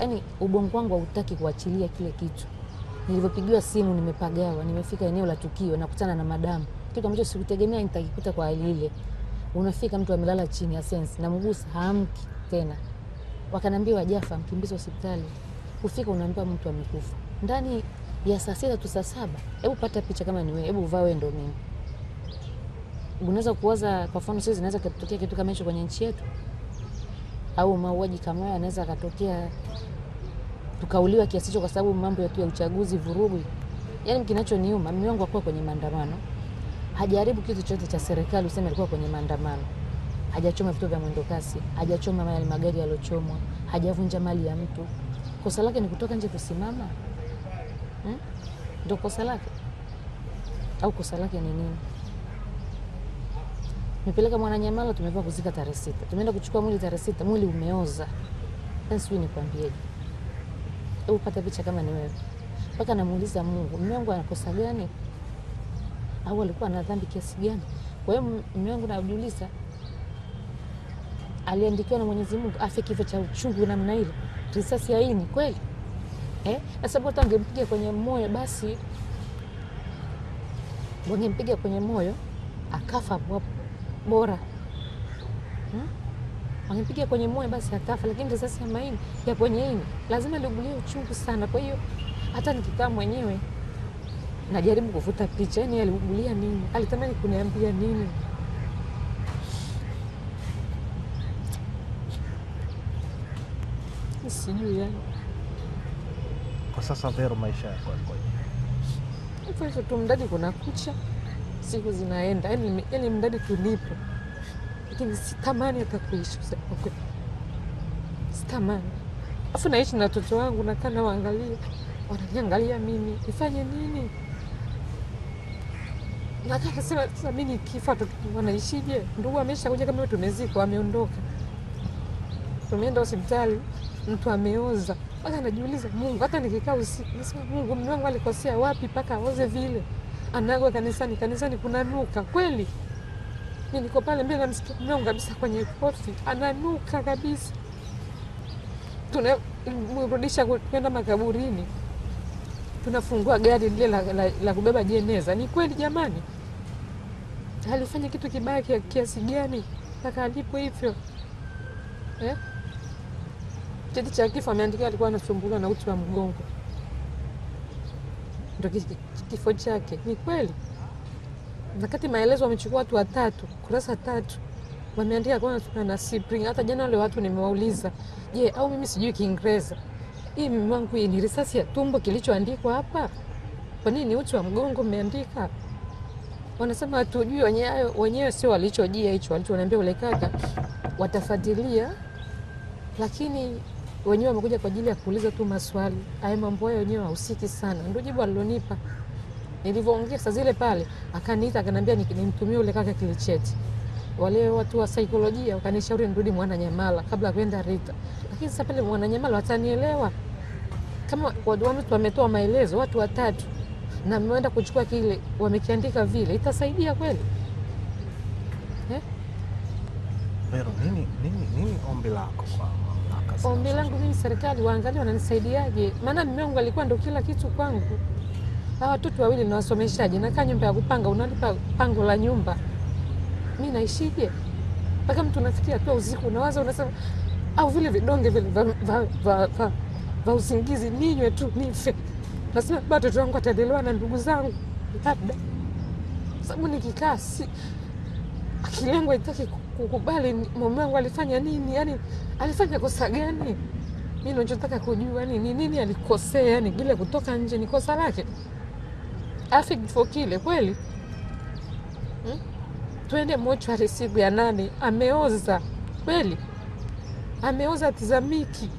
Yaani ubongo wangu hautaki kuachilia kile kitu. Nilivyopigiwa simu nimepagawa, nimefika eneo la tukio nakutana na madamu. Kitu ambacho sikutegemea nitakikuta kwa hali ile. Unafika mtu amelala chini ya sense namgusa haamki tena. wakanambia wajafa mkimbize hospitali. Kufika unaambiwa mtu amekufa. Ndani ya saa sita tu saa saba. Hebu pata picha kama ni wewe, hebu vaa wewe ndio mimi. Unaweza kuwaza kwa mfano sisi zinaweza kutokea kitu kama hicho kwenye nchi yetu au mauaji kama hayo yanaweza katokea, tukauliwa kiasi hicho kwa sababu mambo ya uchaguzi vurugu. Yaani kinachoniuma mimi wangu akuwa kwenye maandamano, hajaribu kitu chochote cha serikali useme alikuwa kwenye maandamano, hajachoma vitu vya mwendokasi, hajachoma mali magari yaliochomwa, hajavunja mali ya mtu. Kosa lake ni kutoka nje kusimama hmm? Ndo kosa lake au kosa lake ni nini? Tumepeleka Mwananyamala, tumepewa kuzika tarehe sita, tumeenda kuchukua mwili tarehe sita, mwili umeoza. Sasa wewe nikwambieje, hebu pata picha kama ni wewe. Mpaka namuuliza Mungu, mume wangu anakosa gani au alikuwa na dhambi kiasi gani? Kwa hiyo mume wangu najiuliza, aliandikiwa na Mwenyezi Mungu afe kifo cha uchungu namna ile, risasi ya ini kweli eh? Na sababu angempiga kwenye moyo, basi wangempiga kwenye moyo akafa hapo hapo bora hmm? Wangepiga kwenye moyo basi akafa, lakini risasi ya maini ya kwenye ini lazima liugulie uchungu sana. Kwa hiyo hata nikikaa mwenyewe najaribu kuvuta picha, yani aliugulia nini, alitamani kuniambia nini? Sijui yani. Kwa sasa Vero, maisha yako yakoje? Hivyo tu kuna kucha siku zinaenda, yani yaani mradi tulipo, lakini sitamani hata kuishi kusema kweli, sitamani. Afu naishi na watoto wangu, nakaa nawaangalia, wananiangalia mimi, nifanye nini? Nataka kusema sasa, mimi nikifa watoto wanaishije? Ndugu ameshakuja kama tumezikwa, ameondoka, tumeenda hospitali, mtu ameoza mpaka najiuliza, Mungu, hata nikikaa usiku nasema, Mungu, mume wangu alikosea wapi mpaka aoze vile? anagwa kanisani, kanisani kunanuka kweli. niko pale mbele na kabisa kwenye posti, ananuka kabisa, tunamrudisha kwenda makaburini, tunafungua gari lile la, la, la kubeba jeneza. Ni kweli jamani, alifanya kitu kibaya kiasi gani mpaka alipo hivyo eh? Cheti cha kifo ameandikia, alikuwa anasumbuliwa na uti wa mgongo ndo kifo chake. Ni kweli, wakati maelezo wamechukua watu watatu, kurasa tatu wameandika kwanza tuna na Spring. Hata jana wale watu nimewauliza, je, yeah, au mimi sijui Kiingereza? Hii mimi wangu hii ni risasi ya tumbo kilichoandikwa hapa. Kwa nini uti wa mgongo umeandika? Wanasema hatujui wenyewe, wenyewe sio walichojia hicho walichoniambia ule kaka watafadilia, lakini wenyewe wamekuja kwa ajili ya kuuliza tu maswali. Haya mambo hayo wenyewe hahusiki sana, ndio jibu alilonipa. Nilivyoongea saa zile pale, akaniita akaniambia nimtumie ule kaka kile cheti. Wale watu wa saikolojia wakanishauri nirudi Mwananyamala kabla ya kwenda Rita, lakini sasa pale Mwananyamala watanielewa kama watu wametoa maelezo, watu watatu na mmeenda kuchukua kile wamekiandika vile, itasaidia kweli eh? Vero, nini, nini, nini ombi lako kwa mamlaka? Ombi langu mimi, serikali waangalie wananisaidiaje, maana mume wangu alikuwa ndo kila kitu kwangu. Hawa watoto wawili nawasomeshaje? Nakaa nyumba ya kupanga, unalipa pango la nyumba, mi naishije? Mpaka mtu unafikia tu usiku unawaza, unasema au vile vidonge vile vya usingizi ninywe tu nife. Nasema bado watoto wangu atadelewa na ndugu zangu labda, sababu nikikaa si akili yangu haitaki kukubali mume wangu alifanya nini, yani alifanya kosa gani? Mi nachotaka kujua yaani, ni nini, nini alikosea? Yani bila kutoka nje ni kosa lake, afi kile kweli hmm? Twende mochwari siku ya nane, ameoza kweli, ameoza tizamiki.